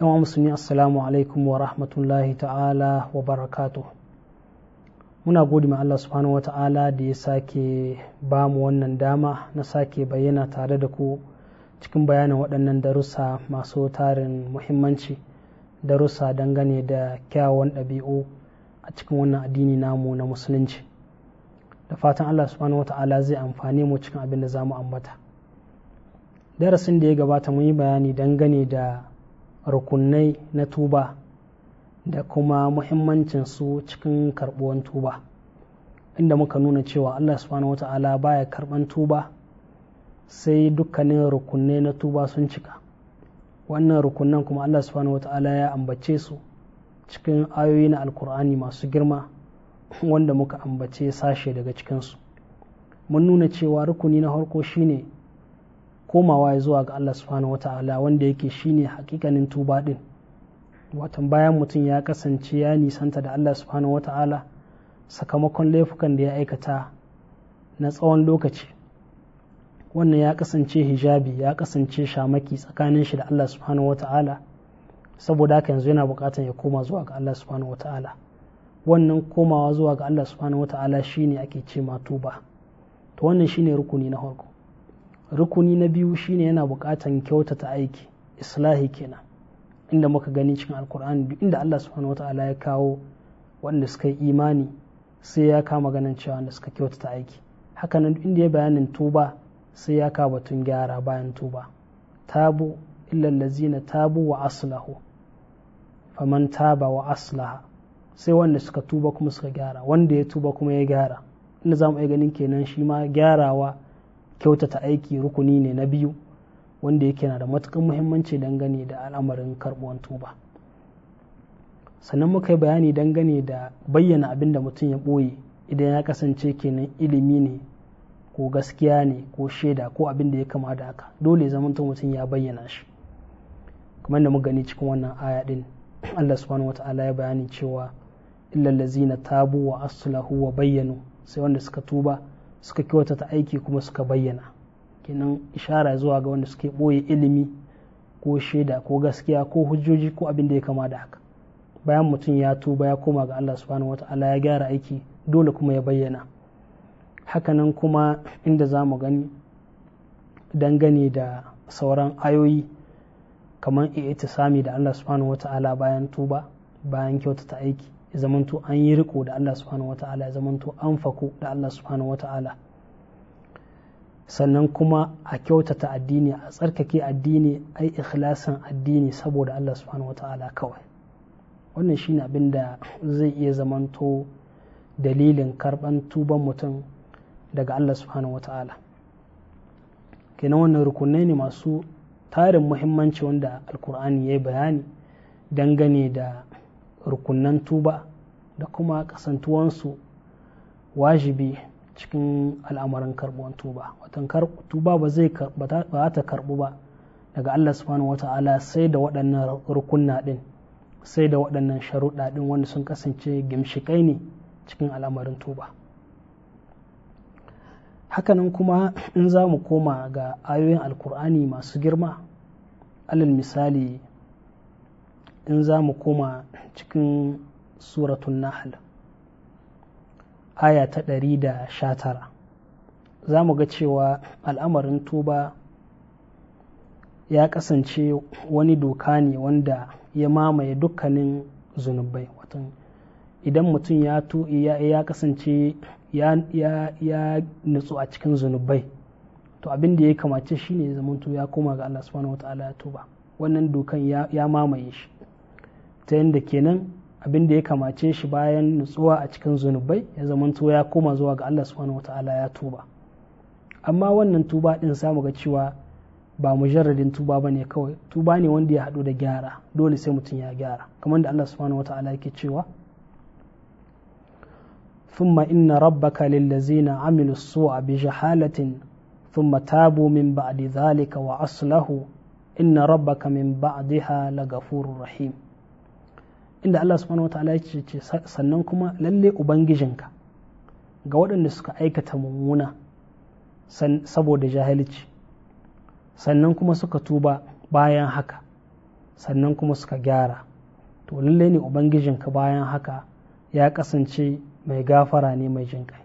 yan musulmi assalamu alaikum wa rahmatullahi ta'ala wa barakatu muna gode ma Allah subhanahu wa ta'ala da ya sake ba mu wannan dama na sake bayyana tare da ku cikin bayanin waɗannan darussa masu tarin muhimmanci darussa dangane da kyawun ɗabi'u a cikin wannan addini namu na musulunci da fatan Allah subhanahu wa ta'ala zai amfane mu cikin abin da za mu ambata darasin da ya gabata mun yi bayani dangane da rukunai na tuba da kuma su cikin karɓuwan tuba inda muka nuna cewa Allah subhanahu wa ta'ala baya karɓan tuba sai dukkanin rukunai na tuba sun cika wannan rukunan kuma Allah subhanahu wa ta'ala ya ambace su cikin ayoyi na alkur'ani masu girma wanda muka ambace sashe daga cikinsu mun nuna cewa rukuni na harko shine komawa zuwa ga Allah subhanahu ta’ala wanda yake shine hakikanin tuba ɗin watan bayan mutum ya kasance ya nisanta da Allah subhanahu ta’ala sakamakon laifukan da ya aikata na tsawon lokaci wannan ya kasance hijabi ya kasance shamaki tsakanin shi da Allah subhanahu ta’ala saboda haka yanzu yana bukatar ya koma zuwa ga Allah subhanahu ta’ala. wannan komawa zuwa ga Allah subhanahu ta’ala shine ake ce ma tuba to wannan shine rukuni na farko rukuni na biyu shine yana bukatan kyautata aiki islahi kenan inda muka gani cikin alkur'ani duk inda Allah subhanahu wata'ala ya kawo wanda suka yi imani sai ya kama ganin cewa wanda suka kyautata aiki haka hakanan duk inda ya bayanin tuba sai ya kawo batun gyara bayan tuba tabu illal lazina tabu wa aslahu faman taba wa aslaha sai wanda suka tuba kuma suka gyara wanda ya tuba kuma ya gyara inda zamu iya ganin kenan shi ma gyarawa kyautata aiki rukuni ne na biyu wanda yake na da matukan muhimmanci dangane da al'amarin karɓuwan tuba sannan muka yi bayani dangane da bayyana abin da mutum ya ɓoye idan ya kasance kenan ilimi ne ko gaskiya ne ko shaida ko abin da ya kama da haka dole zaman mutum ya bayyana shi kamar da muka gani cikin wannan aya din Allah subhanahu wata'ala ya bayani cewa illal ladzina tabu wa aslahu wa bayyanu sai wanda suka tuba suka kyautata aiki kuma suka bayyana kenan ishara zuwa ga wanda suke ɓoye ilimi ko shaida ko gaskiya ko hujjoji ko abin da ya kama da haka bayan mutum ya tuba ya koma ga Allah subhanahu wata'ala ya gyara aiki dole kuma ya bayyana hakanan kuma inda za mu gani dangane da sauran ayoyi kamar iya sami da Allah subhanahu wata'ala bayan tuba bayan kyautata aiki ya zamanto an yi riko da Allah subhanahu ta'ala ya zamanto an fako da Allah subhanahu ta'ala sannan kuma a kyautata addini a tsarkake addini ai ikhlasin addini saboda Allah subhanahu ta'ala kawai wannan shine abin da zai iya zamanto dalilin karban tuban mutum daga Allah subhanahu ta'ala kenan wannan rukunai ne masu tarin muhimmanci wanda alkur'ani ya yi bayani dangane da rukunan tuba da kuma kasantuwansu wajibi cikin al'amarin karɓuwan tuba watan tuba ba zai ba ta karɓu ba daga Allah subhanahu wata'ala sai da waɗannan rukunna ɗin sai da waɗannan sharuɗa ɗin wanda sun kasance gimshikai ne cikin al'amarin tuba hakanan kuma in za mu koma ga ayoyin alkur'ani masu girma alal misali in za mu koma cikin suratun nahal aya ta ɗari da sha tara za mu ga cewa al'amarin tuba ya kasance wani doka ne wanda ya mamaye dukkanin zunubai idan mutum ya ya kasance ya nutsu a cikin zunubai to abin da ya kamace shine zamanto ya koma ga Allah subhanahu wa ta'ala ya tuba wannan dokan ya mamaye shi ta yadda kenan abin da ya kamace shi bayan nutsuwa a cikin zunubai ya zama zamanto ya koma zuwa ga Allah subhanahu wata'ala ya tuba amma wannan tuba din samu ga cewa ba mujarradin tuba ne kawai tuba ne wanda ya haɗu da gyara dole sai mutum ya gyara kamar da Allah subhanahu wata'ala yake cewa ثم إن ربك للذين عملوا السوء بجهالة ثم تابوا من بعد ذلك aslahu إن ربك من بعدها لغفور rahim. inda Allah subhanahu wataala ya ce sannan kuma lalle ubangijinka ga waɗanda suka aikata mummuna saboda jahilci sannan kuma suka tuba bayan haka sannan kuma suka gyara to lalle ne ubangijinka bayan haka ya kasance mai gafara ne mai jin kai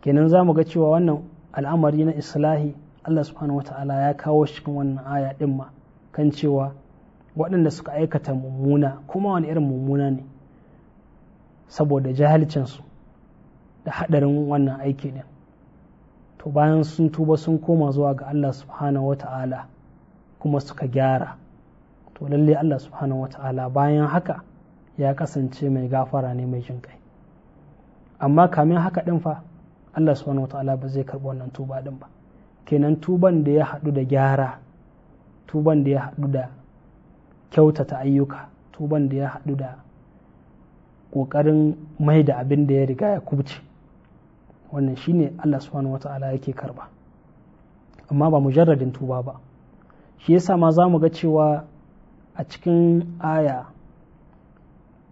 kenan za mu ga cewa wannan al'amari na islahi Allah subhanahu wataala ya kawo cikin wannan aya ɗin ma kan cewa waɗanda suka aikata mummuna kuma wani irin mummuna ne saboda jahilcinsu da haɗarin wannan aiki ne to bayan sun tuba sun koma zuwa ga Allah subhanahu ta'ala kuma suka gyara to lalle Allah subhanahu ta'ala bayan haka ya kasance mai gafara ne mai jin kai amma kamin haka ɗin fa Allah subhanahu ta'ala ba zai karɓi wannan tuba ɗin ba kenan tuban da ya haɗu da gyara tuban da ya haɗu da kyautata ayyuka tuban da ya haɗu da ƙoƙarin mai da abin da ya riga ya kubce wannan shi ne Allah subhanahu wata'ala yake karba amma ba mujarradin tuba ba shi yasa ma za mu ga cewa a cikin aya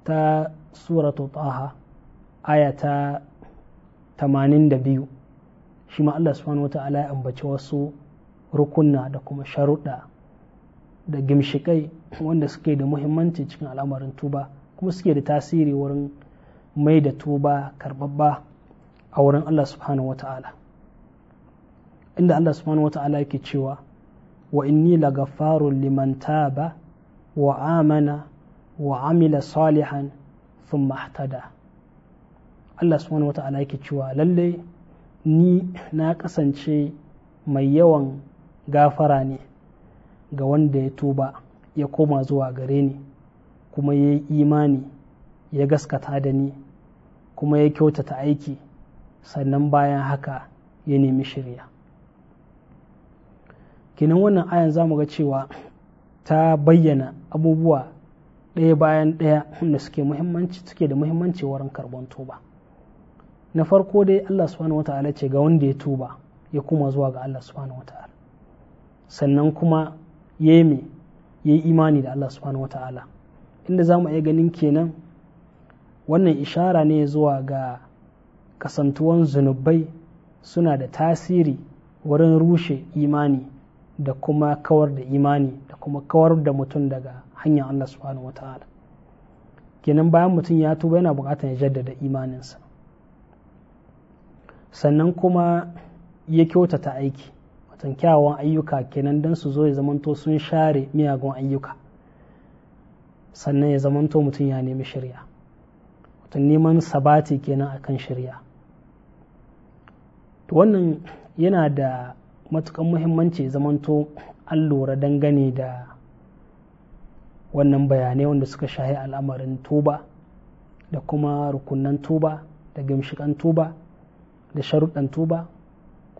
ta suratu taha aya ta 82 shi ma Allah subhanahu wata'ala ya ambaci wasu rukunna da kuma sharuɗa da gimshikai wanda suke da muhimmanci cikin al'amarin tuba kuma suke da tasiri wurin mai da tuba karbabba a wurin Allah subhanahu wata'ala inda Allah subhanahu wata'ala yake cewa wa inni lagafarun liman taba wa amana wa amila salihan thumma ihtada Allah subhanahu wata'ala yake cewa lalle ni na kasance mai yawan gafara ne ga wanda ya tuba ya koma zuwa gare ni kuma ya yi imani ya gaskata da ni kuma ya kyautata aiki sannan bayan haka ya nemi shirya kinan wannan ayan za mu ga cewa ta bayyana abubuwa ɗaya bayan ɗaya da suke muhimmanci suke da muhimmanci wurin karɓon tuba na farko dai Allah subhanahu wata'ala ce ga wanda ya tuba ya kuma zuwa ga Allah subhanahu wata'ala sannan kuma yemi ya yi imani da Allah subhanahu wa ta'ala inda za mu iya ganin kenan wannan ishara ne zuwa ga kasantuwan zunubai suna da tasiri wurin rushe imani da kuma kawar da imani da kuma kawar da mutum daga hanyar Allah subhanahu wa ta'ala kenan bayan mutum ya tuba yana bukatar ya jaddada imaninsa sannan kuma ya kyautata aiki watan kyawawan ayyuka kenan don su zo ya zamanto sun share miyagun ayyuka sannan ya zamanto mutum ya nemi shirya watan neman sabati kenan akan shirya to wannan yana da matukan muhimmanci zamanto an lura dangane da wannan bayanai wanda suka shahi al'amarin tuba da kuma rukunan tuba da gamshikan tuba da sharuɗan tuba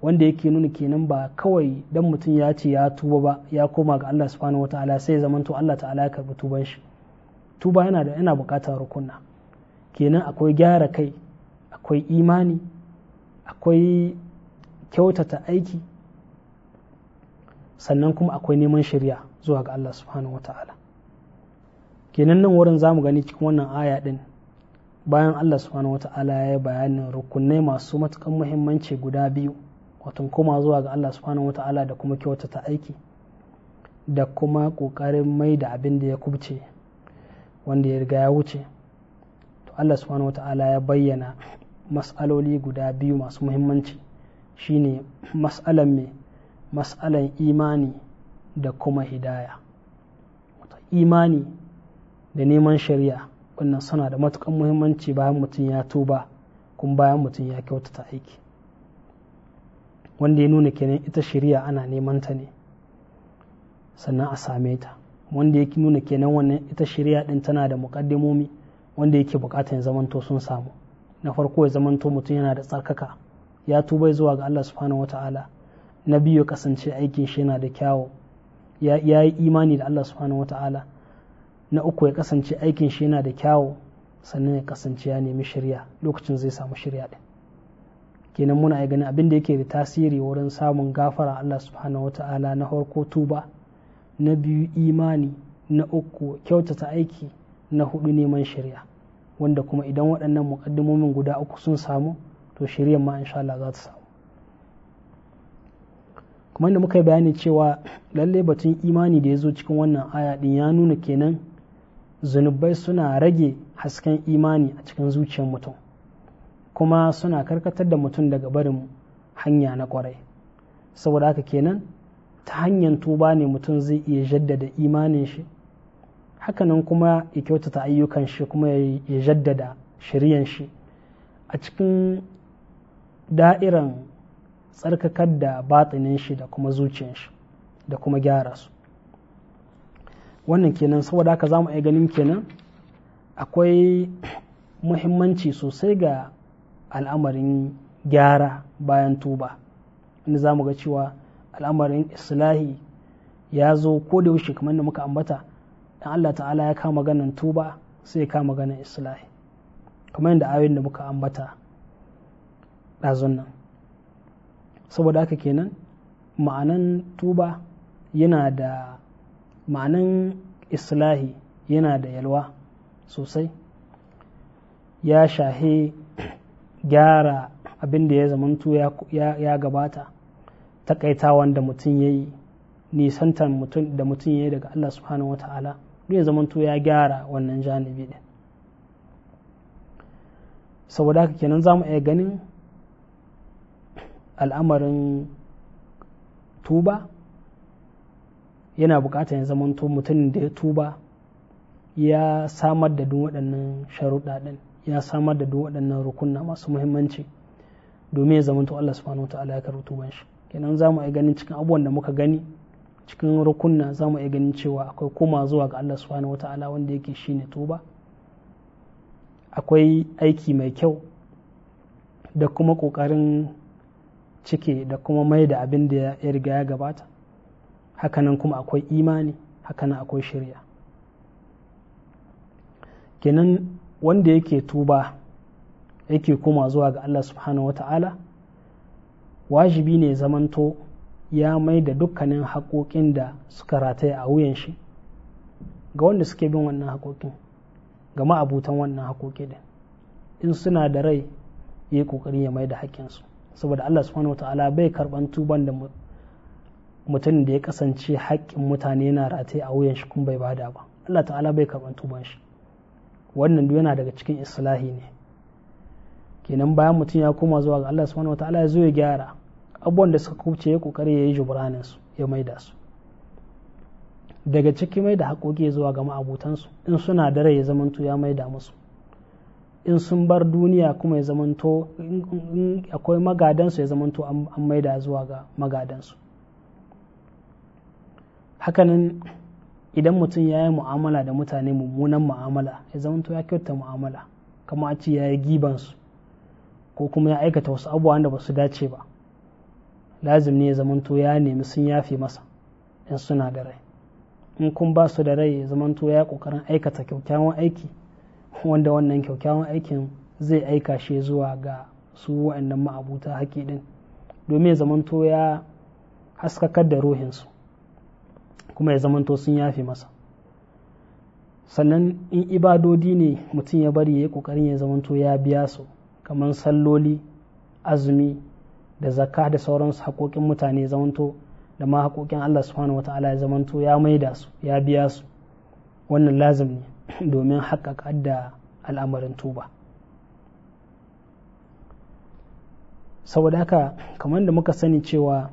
wanda yake nuna kenan ba kawai dan mutum ya ce ya tuba ba ya koma ga Allah subhanahu wataala sai zaman to Allah ta'ala ya karbi tuban shi tuba yana da yana bukatar rukunna kenan akwai gyara kai akwai imani akwai kyautata aiki sannan kuma akwai neman shirya zuwa ga Allah subhanahu wataala kenan nan wurin zamu gani cikin wannan aya din bayan Allah subhanahu wataala ya yi bayanin rukunai masu matukan muhimmanci guda biyu watan koma zuwa ga Allah subhanahu wata'ala da kuma kyautata aiki da kuma ƙoƙarin mai da abin da ya kubce wanda ya riga ya wuce to Allah subhanahu wata'ala ya bayyana mas'aloli guda biyu masu muhimmanci shine mas'alan me mas'alan imani da kuma hidaya imani da neman shari'a wannan suna da matukan muhimmanci bayan mutum ya tuba kuma bayan mutum ya kyautata aiki wanda ya nuna kenan ita shari'a ana neman ta ne sannan a same ta wanda yake nuna kenan wannan ita shari'a din tana da muƙaddimomi wanda yake buƙatar zamanto sun samu na farko ya zamanto mutum yana da tsarkaka ya tuba zuwa ga Allah subhanahu wata'ala na biyu kasance aikin shi yana da kyawu ya yi imani da Allah subhanahu wata'ala na uku ya kasance aikin shi yana da kyawu sannan ya kasance ya nemi shirya lokacin zai samu shirya din kenan muna ya ganin abin da yake da tasiri wurin samun gafara Allah subhanahu ta'ala na harkotu tuba na biyu imani na uku kyautata aiki na hudu neman shari'a wanda kuma idan waɗannan muƙaddimomin guda uku sun samu to shari'a ma insha Allah za ta samu kuma da muka yi bayani cewa lalle batun imani da ya zo cikin wannan aya din ya nuna kenan zunubai suna rage hasken imani a cikin zuciyar mutum kuma suna karkatar da mutum daga barin hanya na kwarai saboda haka kenan ta hanyar tuba ne mutum zai iya jaddada imanin shi hakanan kuma ya kyautata ayyukan shi kuma ya jaddada shiryan shi a cikin da'iran tsarkakar da batinin shi da kuma zuciyan shi da kuma gyara su wannan kenan saboda haka za mu iya ganin kenan akwai muhimmanci sosai ga al'amarin gyara bayan tuba inda za mu ga cewa al'amarin islahi ya zo ko da yaushe kamar da muka ambata dan Allah ta'ala ya kama ganin tuba sai ya kama ganin islahi kamar yadda ayoyin da muka ambata ɗazun nan saboda haka kenan ma'anan tuba yana da ma'anan islahi yana da yalwa sosai ya shahe gyara abin da ya zamantu ya gabata kaita wanda mutum ya yi nisantar da mutum ya yi daga Allah subhanahu wata'ala duk ya zamantu ya gyara wannan janibi ɗin saboda haka kenan za mu iya ganin al'amarin tuba yana bukatar ya zamanto mutum da ya tuba ya samar da duk waɗannan sharuɗa ɗin ya samar da duk waɗannan rukunna masu muhimmanci domin ya zamanto Allah subhanahu wa ta'ala ya karɓi tuban shi kenan za mu iya ganin cikin abubuwan da muka gani cikin rukunna za mu iya ganin cewa akwai koma zuwa ga Allah subhanahu wa ta'ala wanda yake shi shine tuba akwai aiki mai kyau da kuma ƙoƙarin cike da kuma mai da abin da ya riga ya gabata hakanan kuma akwai imani hakanan akwai shirya kenan wanda yake tuba yake kuma zuwa ga Allah subhanahu wata'ala wajibi ne zamanto ya mai da dukkanin haƙoƙin da suka rataye a wuyan shi ga wanda suke bin wannan haƙoƙin ga ma'abutan wannan haƙoƙi din in suna da rai ya yi ƙoƙari ya mai da haƙƙinsu saboda Allah subhanahu wata'ala bai karɓan tuban da mutumin da ya kasance haƙƙin mutane yana rataye a wuyan shi kun bai bada ba Allah ta'ala bai karɓan tuban shi wannan duk yana daga cikin islahi ne kenan bayan mutum ya koma zuwa ga Allah subhanahu wataala ya zo ya gyara abubuwan da suka kuce ya kokari ya yi jubranin su ya maida su daga ciki mai da haƙoƙi zuwa ga ma'abutansu in suna da rai ya zamanto ya maida musu in sun bar duniya kuma ya zamanto akwai magadansu ya zamanto an maida zuwa ga magadansu hakanan idan mutum ya yi mu'amala da mutane mummunan mu'amala ya zama to ya kyauta mu'amala kama a ce ya yi gibansu ko kuma ya aikata wasu abubuwan da ba su dace ba lazim ne ya zama to ya nemi sun yafe masa in suna da rai in kun ba su da rai ya zama to ya kokarin aikata kyaukyawan aiki wanda wannan kyakkyawan aikin zai aika shi zuwa ga su waɗannan ma'abuta haƙi ɗin domin ya zamanto ya haskakar da ruhinsu kuma ya zamanto sun yafe masa sannan in ibadodi ne mutum ya bari ya yi kokarin ya zamanto ya biya su kamar salloli azumi da zakka da sauransu haƙoƙin mutane ya zamanto da ma haƙoƙin Allah subhanahu wata'ala ya zamanto ya maida su ya biya su wannan lazim ne domin haƙaƙa da al'amarin tuba saboda haka kamar da muka sani cewa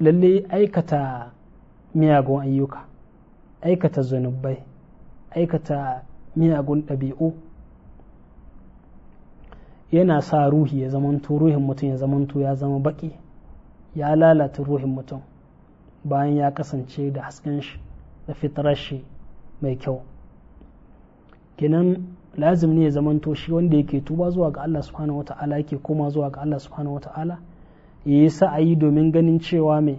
lalle aikata miyagun ayyuka aikata zunubai aikata miyagun ɗabi'u yana sa ruhi ya zamanto ruhin mutum ya zamanto ya zama baƙi ya lalata ruhin mutum bayan ya kasance da hasken shi da fitarar shi mai kyau kenan lazim ne ya zamanto shi wanda yake tuba zuwa ga Allah subhanahu wata'ala yake koma zuwa ga Allah subhanahu wata'ala ya yi sa'ayi domin ganin cewa mai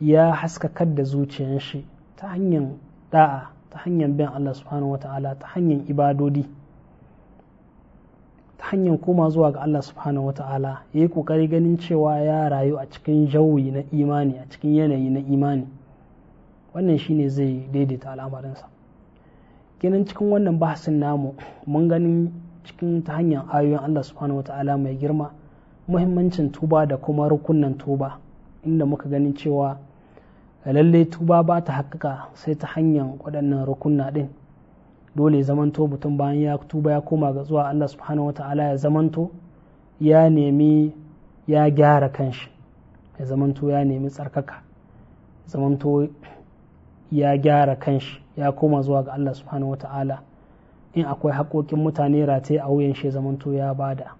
ya haskakar da zuciyar shi ta hanyar da'a ta hanyar bin Allah subhanahu wata'ala ta hanyar ibadodi ta hanyar koma zuwa ga Allah subhanahu wata'ala ya yi kokari ganin cewa ya rayu a cikin jawi na imani a cikin yanayi na imani wannan shine zai daidaita al'amarinsa ginin cikin wannan bahasin namu mun ganin cikin ta hanyar ayoyin Allah subhanahu wata'ala mai girma muhimmancin tuba da kuma rukunan tuba inda muka ganin cewa lallai tuba ba ta haƙƙa sai ta hanyar waɗannan rukunna ɗin dole zamanto mutum bayan ya tuba ya koma ga zuwa Allah subhanahu wa ta'ala ya zamanto ya nemi ya gyara kanshi ya zamanto ya nemi tsarkaka zamanto ya gyara kanshi ya koma zuwa ga Allah subhanahu wa ta'ala in akwai haƙoƙin mutane rataye a wuyan shi zamanto ya bada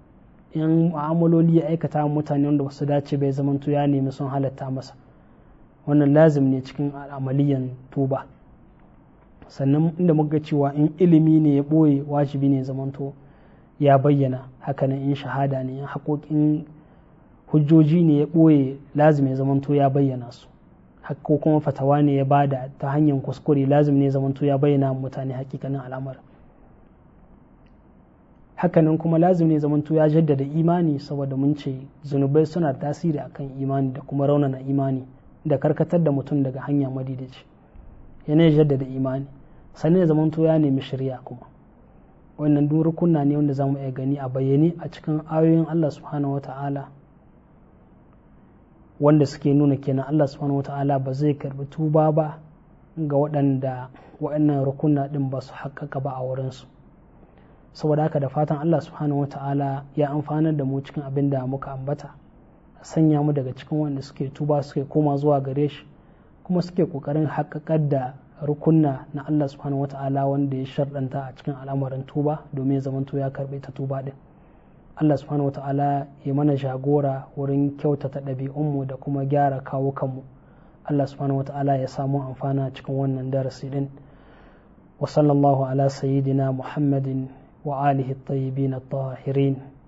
in mu'amaloli ya aikata mutane wanda ba su dace bai zamanto ya nemi sun halatta masa wannan lazim ne cikin al'amaliyan tuba sannan inda muka cewa in ilimi ne ya ɓoye wajibi ne zamanto ya bayyana hakanan in shahada ne in haƙoƙin hujjoji ne ya ɓoye lazim ya zamanto ya bayyana su ko kuma fatawa ne ya bada ta hanyar kuskure lazim ne zamanto ya bayyana mutane hakikanin al'amar hakanan kuma lazim ne zamanto ya jaddada imani saboda mun ce zunubai suna tasiri akan imani da kuma raunana imani da karkatar da mutum daga hanya madidaci yana jaddada imani sannan ya zamanto ya nemi shirya kuma wannan duk rukunna ne wanda zamu iya gani a bayyane a cikin ayoyin Allah subhanahu wata'ala wanda suke nuna kenan Allah subhanahu wata'ala ba zai karbi tuba ba ga waɗanda waɗannan rukunna ɗin ba su haƙƙaƙa ba a wurin su saboda haka da fatan Allah subhanahu wata'ala ya amfanar da mu cikin abin da muka ambata a sanya mu daga cikin wanda suke tuba suke koma zuwa gare shi kuma suke kokarin haƙaƙar da rukunna na Allah subhanahu wata'ala wanda ya sharɗanta a cikin al'amarin tuba domin zamanto ya karɓe ta tuba ɗin Allah subhanahu wata'ala ya mana jagora wurin kyautata ɗabi'unmu da kuma gyara kawukanmu Allah subhanahu wata'ala ya samu amfana cikin wannan darasi din wa sallallahu ala sayyidina muhammadin wa alihi at-tayyibin at-tahirin